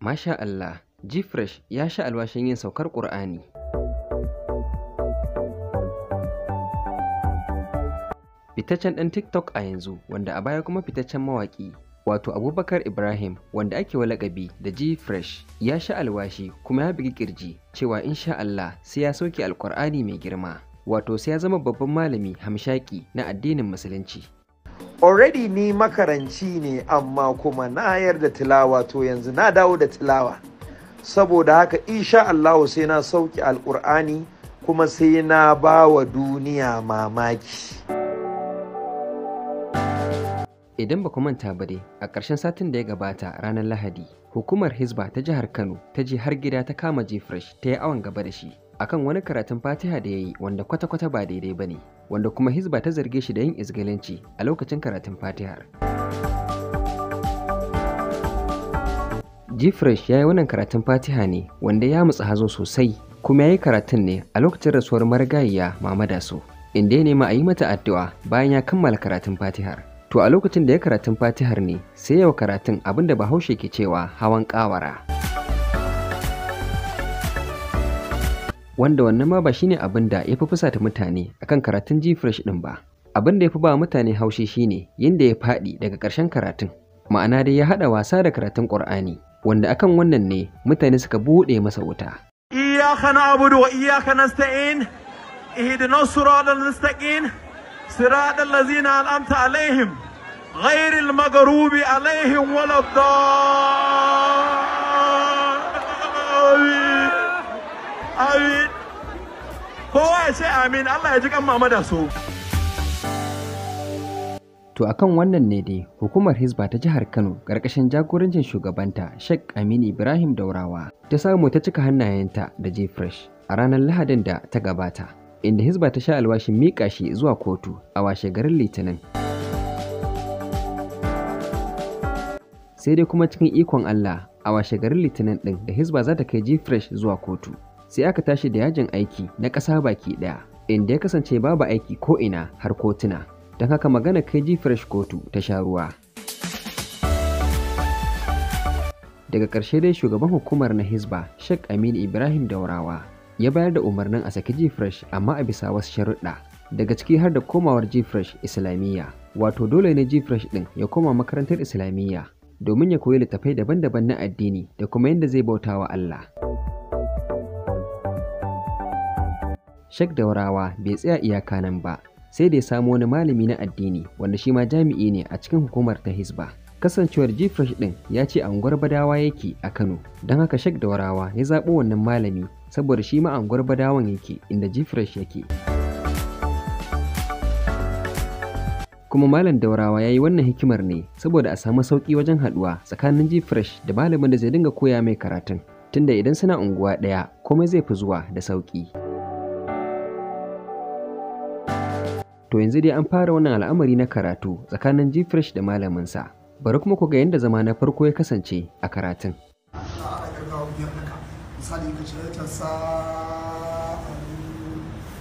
Masha Allah, G-Fresh ya sha alwashin yin saukar Ƙur'ani. Fitaccen ɗan TikTok a yanzu, wanda a baya kuma fitaccen mawaƙi, wato Abubakar Ibrahim, wanda ake wa da G-Fresh, ya sha alwashi kuma ya bugi ƙirji cewa insha Allah sai ya soke Alƙur'ani mai girma. Wato sai ya zama babban malami hamshaki na addinin Musulunci. already ni makaranci ne amma kuma na yar da tilawa to yanzu na dawo da tilawa saboda haka insha Allah sai na sauki alkur'ani kuma sai na ba wa duniya mamaki idan ba ku manta ba dai a ƙarshen satin da ya gabata ranar lahadi hukumar hizba ta jihar kano ta je har gida ta kama jefresh ta yi awon gaba da shi akan wani karatun fatiha da ya yi wanda kwata-kwata ba daidai ba ne wanda kuma hizba ta zarge shi da yin izgilanci a lokacin karatun fatihar jifresh ya yi wannan karatun fatiha ne wanda ya mutsa hazo sosai kuma ya yi karatun ne a lokacin rasuwar marigayiya mamada so inda ya nema a yi mata addu'a bayan ya kammala karatun fatihar to a lokacin da ya karatun fatihar ne sai yau karatun abinda bahaushe ke cewa hawan kawara wanda wannan ma ba shine abin da ya fi fusata mutane akan karatun G-Fresh ɗin ba. Abin da ya fi ba mutane haushi shine yadda ya faɗi daga ƙarshen karatun. Ma'ana dai ya haɗa wasa da karatun Ƙur'ani, wanda akan wannan ne mutane suka buɗe masa wuta. Iyaka na abudu wa iyaka na sta'in, ihidina suradar mustaqin, siradar lazina al'amta alaihim, ghairil magarubi alaihim waladdar. amin Allah ya ji kan da so To akan wannan ne dai hukumar Hizba ta jihar Kano ƙarƙashin jagorancin shugabanta Sheikh Aminu Ibrahim Daurawa ta samu ta cika hannayenta da Jefresh a ranar Lahadin da ta gabata inda Hizba ta sha alwashin miƙa shi zuwa kotu a washe garin Litinin. Sai dai kuma cikin ikon Allah a washe garin Litinin ɗin da Hizba za ta kai Jefresh zuwa kotu. Sai aka tashi da yajin aiki na ƙasa baki ɗaya. inda ya kasance babu aiki ko ina har kotuna don haka magana ji fresh kotu ta sha ruwa daga ƙarshe dai shugaban hukumar na hizba sheikh aminu ibrahim daurawa ya bayar da umarnin a saki g-fresh amma a bisa wasu sharuɗa daga ciki har da komawar g-fresh islamiyya wato dole ne g-fresh ɗin ya koma makarantar islamiyya domin ya koyi littattafai daban-daban na addini da kuma yadda zai bauta wa allah Sheikh Daurawa bai tsaya iyaka nan ba, sai da ya samo wani malami na addini wanda shi ma jami'i ne a cikin hukumar ta Hisba. Kasancewar Jifresh ɗin ya ce unguwar Badawa yake a Kano, don haka Sheikh Daurawa ya zaɓo wannan malami saboda shi ma unguwar Badawan yake inda Jifresh yake. Kuma Malam Daurawa ya yi wannan hikimar ne saboda a samu sauƙi wajen haɗuwa tsakanin Jifresh da malamin da zai dinga koya mai karatun. Tunda idan suna unguwa ɗaya komai zai fi zuwa da sauƙi. To yanzu dai an fara wannan al'amari na karatu tsakanin fresh da malaminsa. Bari kuma ku ga yadda zama na farko ya kasance a karatun.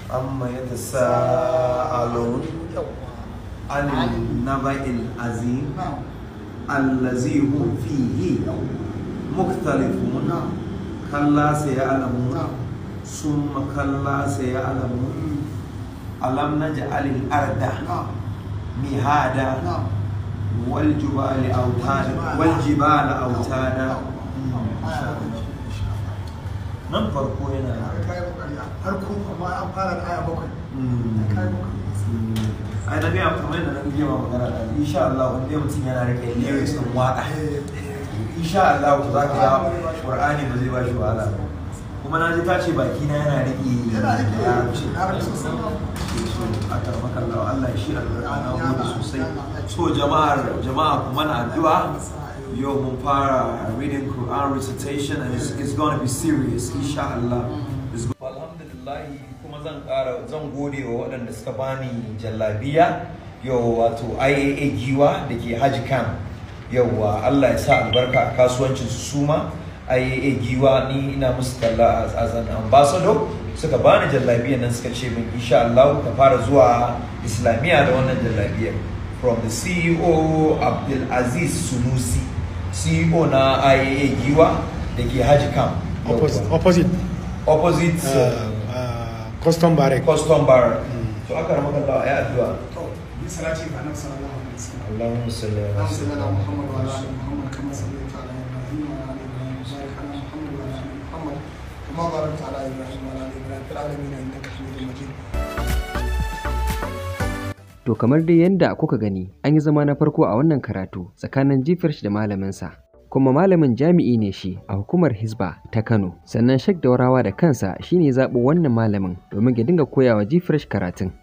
amma ya ta sa'alun alin naba'il azim allazi hum fihi kalla sai ya alamu summa kalla sai ya alamu alam naj'al alin arda mihada wal jibali awtada wal jibala awtada nan farko yana farko amma an fara da aya bakwai ai da biya kamar yadda na da insha Allah wanda mutum yana rike lyrics din waka insha Allah za ka ga Qur'ani ba zai ba shi wahala ba kuma na ji tace baki na yana riƙe yana riƙe ya ce larabci a karmakallawa Allah shi alƙur'ana gode sosai so jama'ar jama'a kuma na addu'a yau mun fara reading Quran recitation and it's, it's going to be serious insha Allah alhamdulillah kuma zan ƙara zan gode wa waɗanda suka bani jallabiya yau wato IAA giwa da ke Hajji Camp yauwa Allah ya sa albarka a kasuwancin su suma ai eh, giwa ni ina musu talla a zan ambassador suka bani jallabiya nan suka ce min insha Allah ka fara zuwa islamiyya da wannan jallabiya from the CEO Abdul Aziz Sunusi CEO na IAA giwa da ke Haji Camp opposite opposite custom uh, bar uh, custom barrack mm. to aka ramaka Allah ya addu'a to ni salati ba nan sallallahu alaihi wasallam Allahumma salli ala Muhammad wa ala ali Muhammad kama salli To kamar dai yadda kuka gani an yi zama na farko a wannan karatu tsakanin jifirsh da malaminsa kuma malamin jami'i ne shi a hukumar Hisba ta Kano sannan da Daurawa da kansa shine zaɓo wannan malamin domin ya dinga koyawa jifirsh karatun.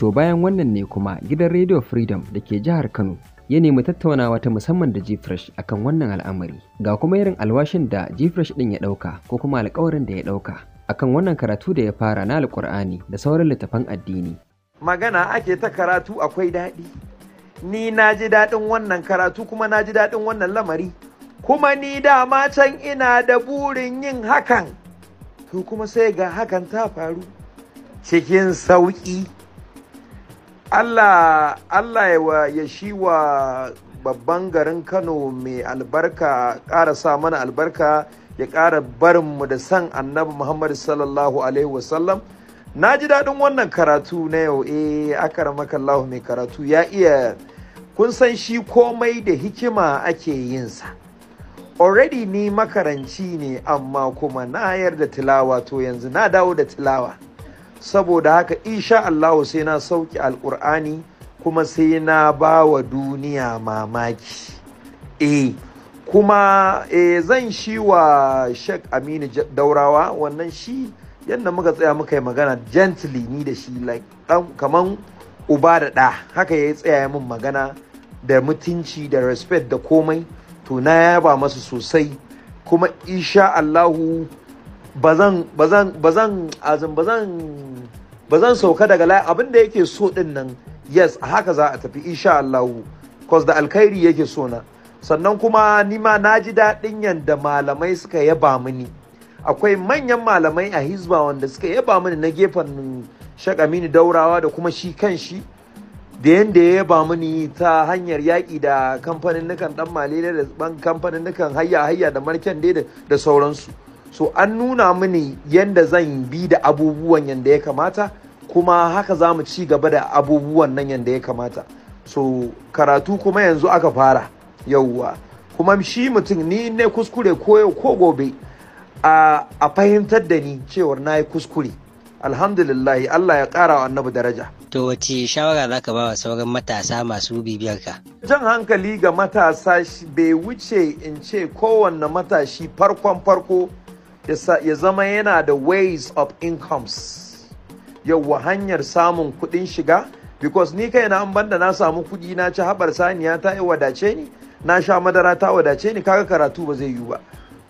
To bayan wannan ne kuma gidan Radio Freedom da ke jihar Kano ya nemi tattaunawa ta musamman da Jifresh akan wannan al'amari ga kuma irin alwashin da Jifresh din ya ɗauka ko kuma alƙawarin da ya dauka akan wannan karatu da ya fara na alƙur'ani da sauran littafan addini magana ake ta karatu akwai daɗi ni na ji daɗin wannan karatu kuma na ji daɗin wannan lamari kuma ni dama can ina da burin yin hakan to kuma sai ga hakan ta faru cikin sauƙi Allah Allah ya shi wa babban garin Kano mai albarka ƙara sa mana albarka ya ƙara barin mu da san annabi Muhammad sallallahu alaihi wasallam na ji daɗin wannan karatu na yau eh akara Allah mai karatu ya iya kun san shi komai da hikima ake yinsa already ni makaranci ne amma kuma na yarda tilawa to yanzu na dawo da tilawa saboda haka insha Allahu sai na sauki alkur'ani kuma sai na ba wa duniya mamaki eh kuma eh zan shi wa Sheikh Aminu Daurawa wannan shi yadda muka tsaya muka yi magana gently ni da shi like kaman uba da ɗa haka ya yi tsaya min magana da mutunci da respect da komai to na yaba masu sosai kuma insha Allahu ba zan sauka daga layi abin da yake so din nan yes a haka za a tafi insha Allah cause da alkhairi yake so na sannan kuma nima na ji daɗin yadda malamai suka yaba mini akwai manyan malamai a hizba wanda suka yaba mini na gefen shakamini daurawa da kuma shi kan shi da yadda ya yaba mini ta hanyar yaƙi da kamfanin nukan ɗan malele da kamfanin nukan hayya hayya da marken da sauransu so an nuna mini yadda zan bi da abubuwan yadda ya kamata kuma haka za mu ci gaba da abubuwan nan yadda ya kamata so karatu kuma yanzu aka fara yauwa kuma shi mutum ni ne kuskure ko ko gobe a fahimtar da ni cewar na yi kuskure alhamdulillahi Allah ya kara wa annabi daraja. To wace shawara za ka ba wa sauran matasa masu bibiyar ka? Jan hankali ga matasa bai wuce in ce kowanne matashi farkon farko ya zama yana da ways of incomes yawwa hanyar samun kuɗin shiga because ni kai na an banda na samu kuɗi na ci haɓar saniya ta yi wadace ni na sha madara ta wadace ni kaga karatu ba zai yi ba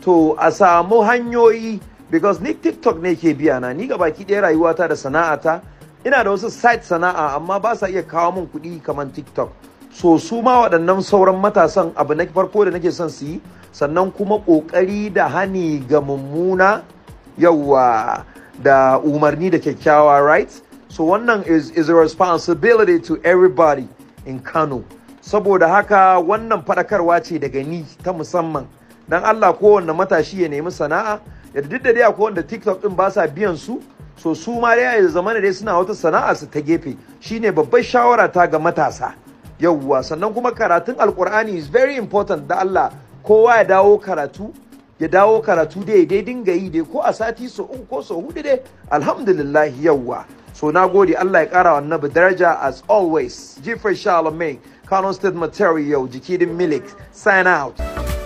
to a samu hanyoyi because ni tiktok ne ke biya na ni ga baki ɗaya rayuwata da sana'ata ina da wasu site sana'a amma ba sa iya kawo min kuɗi kamar tiktok so su ma waɗannan sauran matasan abu na farko da nake son su yi sannan kuma ƙoƙari da hani ga mummuna yawa da umarni da kyakkyawa right so wannan is, is a responsibility to everybody in kano saboda haka wannan faɗakarwa ce daga ni ta musamman don allah kowanne matashi ya nemi sana'a yadda duk da dai akwai wanda tiktok ɗin ba sa biyan su so su ma dai a zamanin dai suna wata sana'a su ta gefe shine babbar shawara ta ga matasa yauwa sannan kuma karatun alkur'ani is very important da Allah kowa ya dawo karatu ya dawo karatu dai dai dinga yi dai ko a sati so uku ko so hudu dai alhamdulillah yauwa so na gode Allah ya kara wa daraja as always jifar shalom Kano State Material jikidin Milik sign out